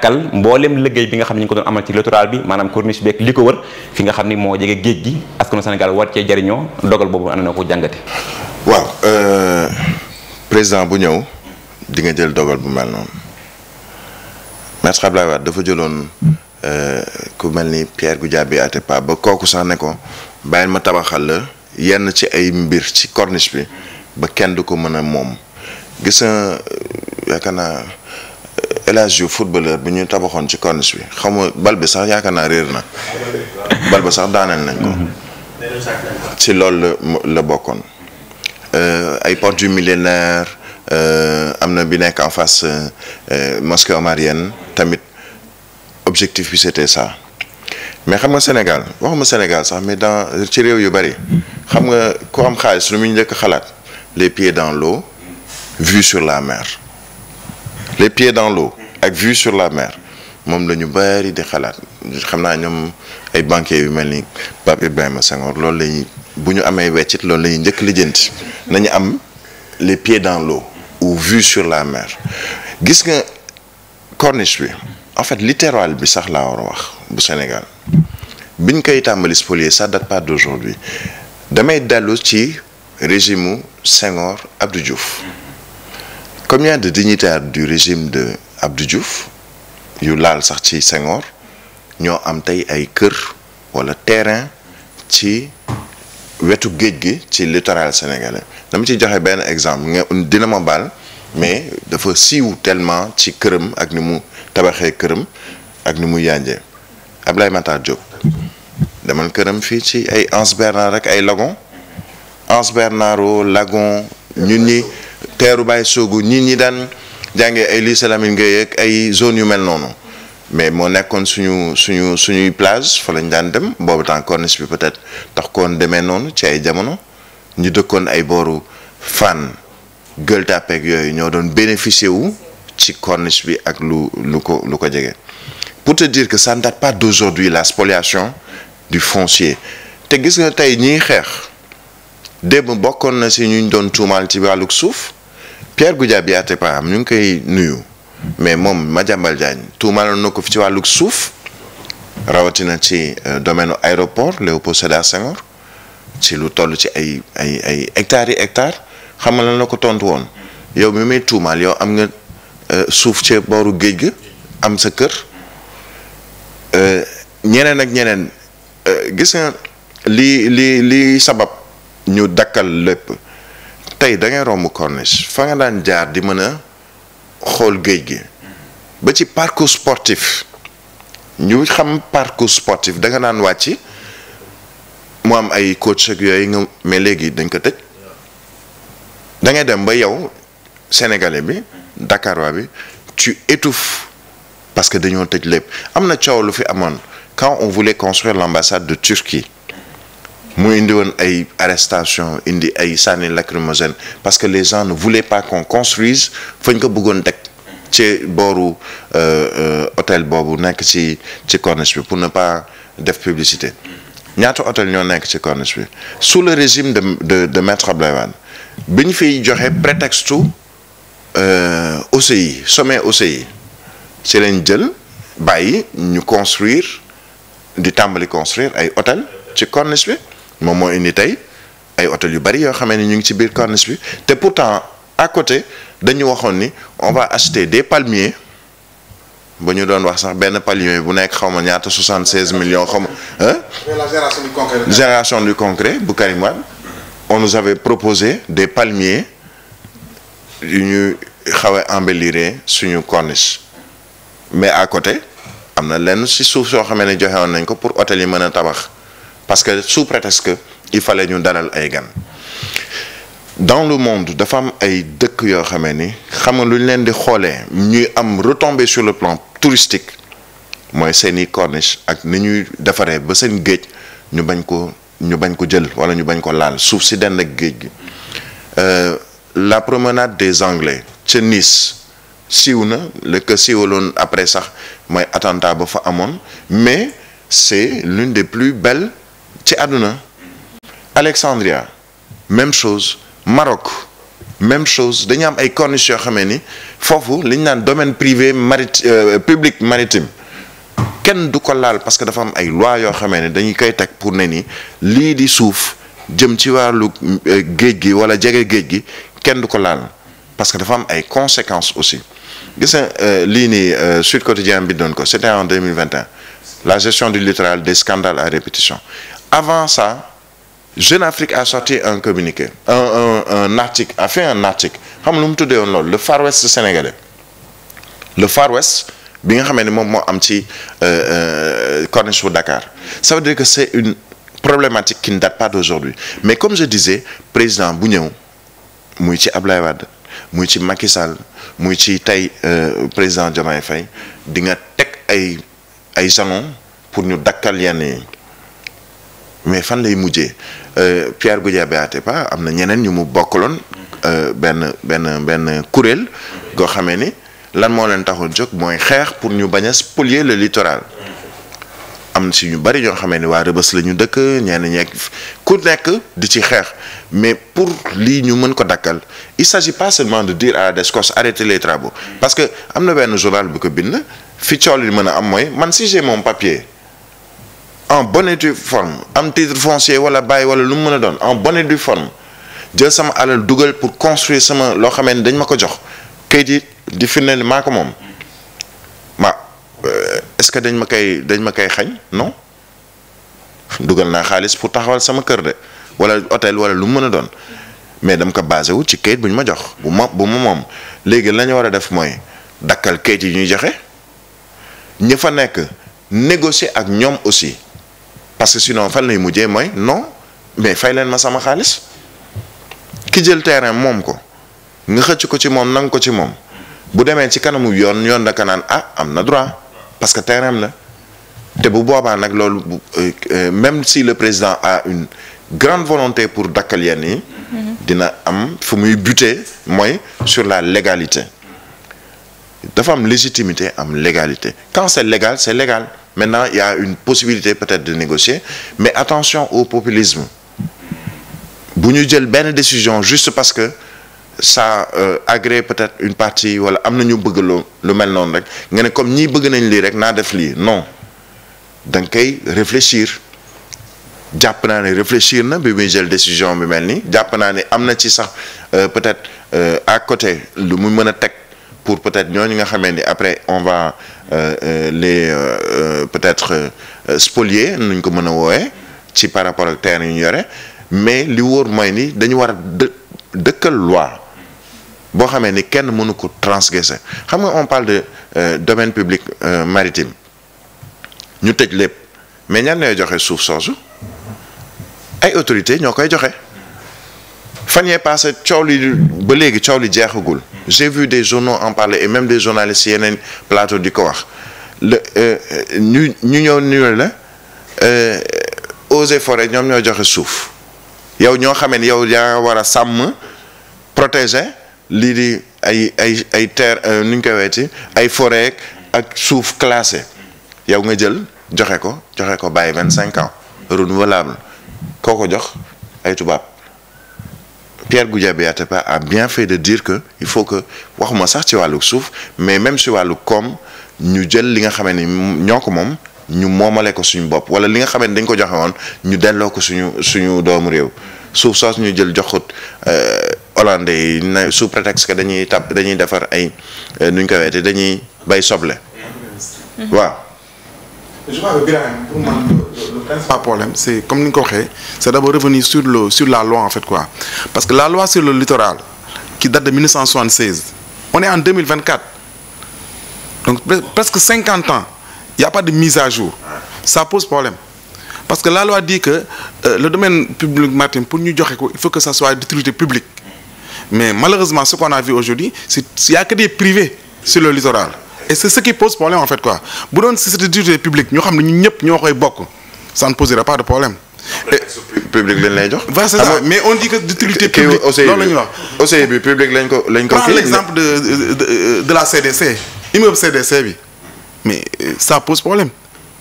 kal mbooleem liggéey bi nga xam ne ñu ko doon amal ci littoral bi maanaam corniche beeg li ko wër fi nga xam ni moo jege géej gi askanu Sénégal war cee jariñoo dogal boobu ana na ko jàngate waaw euh, bu ñëw di nga jël dogal bu mel noonu Maître dafa jëloon euh, ku mel ni Pierre Goudiaby Atepa ba kooku sax ne ko bàyyil ma tabaxal la yenn ci ay mbir ci corniche bi ba kenn du ko mën a moom gis nga euh, El Hadj Diouf footballeur bi ñu tabaxoon ci corniche bi xam nga bal bi sax yaakaar naa na bal bi sax daaneel nañ ko. ci loolu la euh, yu millénaire euh, na bi en face euh, mosquée omarienne tamit objectif bi c'était mais xam nga Sénégal waxuma Sénégal sax mi dans ci réew yu bari xam nga ku am xaalis lu muy njëkk xalaat les pieds dans l'eau vue sur la mer. les pieds dans l'eau ak vue sur la mer moom la ñu bari di xalaat xam naa ñoom ay banquiers yu mel ni Pape Ibrahima Senghor loolu la ñuy bu ñu amee weccit loolu la njëkk lijjanti nañu am les pieds dans l'eau ou vue sur la mer gis nga corniche bi en fait littoral bi sax laa war a wax bu Sénégal biñ koy tàmbali spolier ça date pas d'aujourd'hui damay dellu ci régime Senghor Abdou Diouf combien de dignitaires du régime de Abdou Diouf yu laal sax ci Senghor ñoo am tey ay kër wala terrain ci wetu géej gi ci littoral sénégalais dama ci joxe benn exemple dina ma baal mais dafa siiw tellement ci këram ak ni mu tabaxee këram ak ni mu yànjee Ablaye Matar Diop demal këram fii ci ay Anse Bernard rek ay lagon Anse Bernard lagon ñun ñi teeru Baye soogu ñi ñi daan jànge ay lycée nga Gueye ak ay zone yu mel noonu mais moo nekkoon suñu suñu suñuy plage fa lañ daan dem boobu temps corniche bi peut-être tax koon demee noonu ci ay jamono ñu dëkkoon ay booru Fann Gueule Tapée yooyu ñoo doon bénéficier wu ci corniche bi ak lu lu ko lu ko jege pour te dire que ça ne date pas d'aujourd'hui la spoliation du foncier te gis nga tey ñiy xeex démb bokkoon na si ñuñ doon tuumaal ci wàllug suuf Pierre Goudiaby Atepa am ñu ngi koy nuyu mais moom ma jàmbal Diagne tuumaaloon na ko fi ci wàllug suuf rawatina ci euh, domaine u aéroport Léopold Sédar ci lu toll ci ay ay ay hectares yi hectares xam nga lan la ko tontu woon yow mi may tuumaal yow am nga euh, suuf ci booru géej gi am sa kër euh, ñeneen ak ñeneen gis nga li li li sabab ñu dakkal lépp tey da ngay romb corniche fa nga daan jaar di mën a xool géej gi ba ci parcours sportif ñu xam parcours sportif da nga daan wàcc mu am ay coach ak yooyu nga mais léegi dañ ko tëj da ngay dem ba yow sénégalais bi Dakarois bi ci étouffes parce que dañoo tëj lépp am na coow lu fi amoon quand on voulait construire l'ambassade de Turquie mu indi woon ay arrestation indi ay sànni lacrymogène parce que les gens ne voulaient pas qu'on construise fañ ko bëggoon teg ci booru euh, euh, hôtel boobu nekk ci ci corniche bi pour ne pas def publicité ñaata hôtel ñoo nekk ci corniche bi su le régime de de de maître Abdoulaye bi ñu fiy joxe prétexte euh, OCI sommet OCI ci lañ jël bàyyi ñu construire di tàmbali construire ay hôtel ci corniche bi moom moo indi tey ay hôtel yu bari yoo xamee ni ñu ngi ci biir corniche bi te pourtant à côté dañu waxoon ni on va acheter des palmiers ba ñu doon wax sax benn palmier bu nekk xaw ma ñaata 76 millions xaw ma ah. la génération du concret. bu Karim Wade on nous avait proposé des palmiers yu ñu xaw a embellir suñu corniche mais à côté am na lenn si suuf soo xamee ne joxe woon nañ ko pour hôtel yi mën a tabax. parce que sous prétexte que il fallait ñu dalal ay gan dans le monde dafa am ay dëkk yoo xamee ni xam nga lu ñu leen di xoolee ñuy am retomber sur le plan touristique mooy seeni corniche ak ni ñuy defaree ba seen géej ñu bañ ko ñu bañ ko jël wala ñu bañ ko laal suuf si dend ak géej gi euh, la promenade des anglais ca Nice siiw na lekk que siiwaloon après sax mooy attentat ba fa amoon mais c'est l'une des plus belle ci àdduna Alexandria même chose Maroc même chose dañu am ay corniche yoo xamee ni foofu li ñu naan domaine privé marit euh, public maritime kenn du ko laal parce que dafa am ay loi yoo xamee ni dañu koy teg pour ne ni lii di suuf jëm ci wàllu euh, géej gi wala jege géej gi kenn du ko laal parce que dafa am ay conséquence aussi gis nga euh, lii nii Sud Quotidien bi doon ko c'était en 2021 la gestion du littoral de scandales à répétition avant ça Jeune Afrique a sorti un communiqué un un un a fait un article xam lu mu tuddee woon loolu le Far West sénégalais le Far West bi nga xamee ne moom moo am ci euh, euh, corniche bu Dakar ça veut dire que c'est une problématique qui ne date pas d'aujourd'hui mais comme je disais président bu ñëw muy ci Ablaye Wade muy ci Macky muy ci tey euh, président Diomaye Faye di nga teg ay ay jalons pour ñu dakkal yenn yi mais fan lay mujjee euh, Pierre Goudiaby Atepa am na ñeneen ñu mu bokkaloon euh, benn benn benn kuréel goo xamee ni lan moo leen taxoon jóg mooy xeex pour ñu bañ a spolier le littoral am si ñu bari ñoo xamee ni waa Rëbës la ñu dëkk ñenn ñeeg ku nekk di ci xeex mais pour lii ñu mën ko dakkal il s'agit pas seulement de dire à la DSCOS arrêtez les travaux parce que am na benn journal bu ko bind fi cool li mën a am mooy man si moom mon en bone du due am titre foncier wala bàyyi wala lu mu mën a doon en bonne et due jël sama alal dugal pour construire sama loo xamee ne dañ ma ko jox kayit yi di firndeel maa ko moom ma euh, est-ce que dañ ma koy dañ ma koy xañ non dugal naa xaalis pour taxawal sama kër de wala hôtel wala lu mu mën a doon mais dama ko basé wu ci kayit bu ñu ma jox bu ma bu ma moom léegi lañu war a def mooy dakkal kayit yi ñuy joxe ñi fa nekk négocier ak ñoom aussi. parce que sinon fan lay mujjee mooy non mais fay leen ma sama xaalis ki jël terrain moom ko nga xëcc ko ci moom nang ko ci moom bu demee ci kanamu yoon yoon daka naan ah am na droit parce que terrain na te bu boobaa nag loolu euh, euh, même si le président a une grande volonté pour dakkal yenn yi mhm. dina am fu muy buter mooy sur la légalité dafa am légitimité am légalité quand c'est légal c'est légal maintenant il y une possibilité peut-être de négocier mais attention au populisme bu ñu jël benn décision juste parce que sa euh, agrée peut-être une partie wala am na ñu bëgg loo lu mel noonu rek nga ne comme ñii bëgg nañ lii rek naa def lii non da nga koy réfléchir jàpp naa ne réfléchir na bi muy jël décision bi mel nii jàpp naa ne am na ci sax euh, peut-être euh, à côté lu mu mën a teg. pour peut-être ñooñu nga xamee ni après on va euh, euh les euh, euh peut-être euh, spolier nuñ ko mën a woowe ci par rapport ak terrain ñu yore mais li wóor mooy nii dañu war a dë dëkkal loi boo xamee ni kenn mënu ko transgresser xam nga on parle de domaine public maritime ñu tëj lépp mais ñan ñooy joxe suuf soosu ay autorités ñoo koy joxe. fan yee passé coow li ba léegi coow li jeexagul j'ai vu des journaux en parler et même des journalistes yeneen plateau di ko wax euh, ñu ñu ñëw nuyu la euh, eaux et forêts ñoom ñoo joxe suuf yow ñoo xamee ni yow yaa war a sàmm protéger lii di ay ay ay terre euh, nu ñu koy weeti ay forêt ak suuf classé yow nga jël joxe ko joxe ko bàyyi vingt cinq ans renouvelable koo ko jox ay tubaab Pierre Goudiaby Atepa a bien fait de dire que il faut que waxuma sax ci wàllu suuf mais même si wàllu koom ñu jël li nga xamee ni ñoo ko moom ñu moomale ko suñu bopp wala li nga xamee ni dañ ko joxewoon ñu delloo ko suñu suñu doomu réew suuf soosu ñu jël jox ko euh, yi na sous prétexte que dañuy tab dañuy defar ay euh, nuñ ñu ko weete dañuy bay soble waaw. le principal problème c'est comme ni nga ko waxee c'est d'abord revenir sur le sur la loi en fait quoi parce que la loi sur le littoral qui date de 1976 on est en 2024 donc presque ans y a pas de mise à jour ça pose problème parce que la loi dit que euh, le domaine public maritime pour ñu joxe ko il faut que ça soit d'utilité publique mais malheureusement ce qu'on a vu aujourd'hui c'est il y a que des privés sur le littoral et c'est ce qui pose problème en fait quoi ñoo xam ne ñun ñëpp ñoo koy bokk ça ne posera pas de problème. et public lañ lay jox. voilà c'est ça mais on dit que d'utilité publique loolu la ñuy wax OCI bi public lañ ko lañ ko. l'exemple de la CDC immeuble CDC bi mais euh, ça pose problème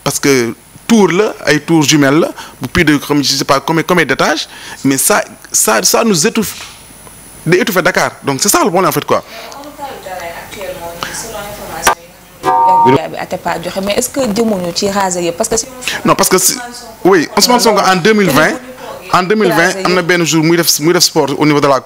parce que tour la ay tour jumelle la bu plus de comme je sais pas combien combien d'étages mais ça ça nous étouffe day étouffer Dakar donc c'est ça le problème en fait quoi. bi Atepa joxe mais est-ce que jëmuñu ci raser yëpp parce que. non parce que si oui Ousmane Sonko en en 2020 benn jour muy def muy au niveau de la.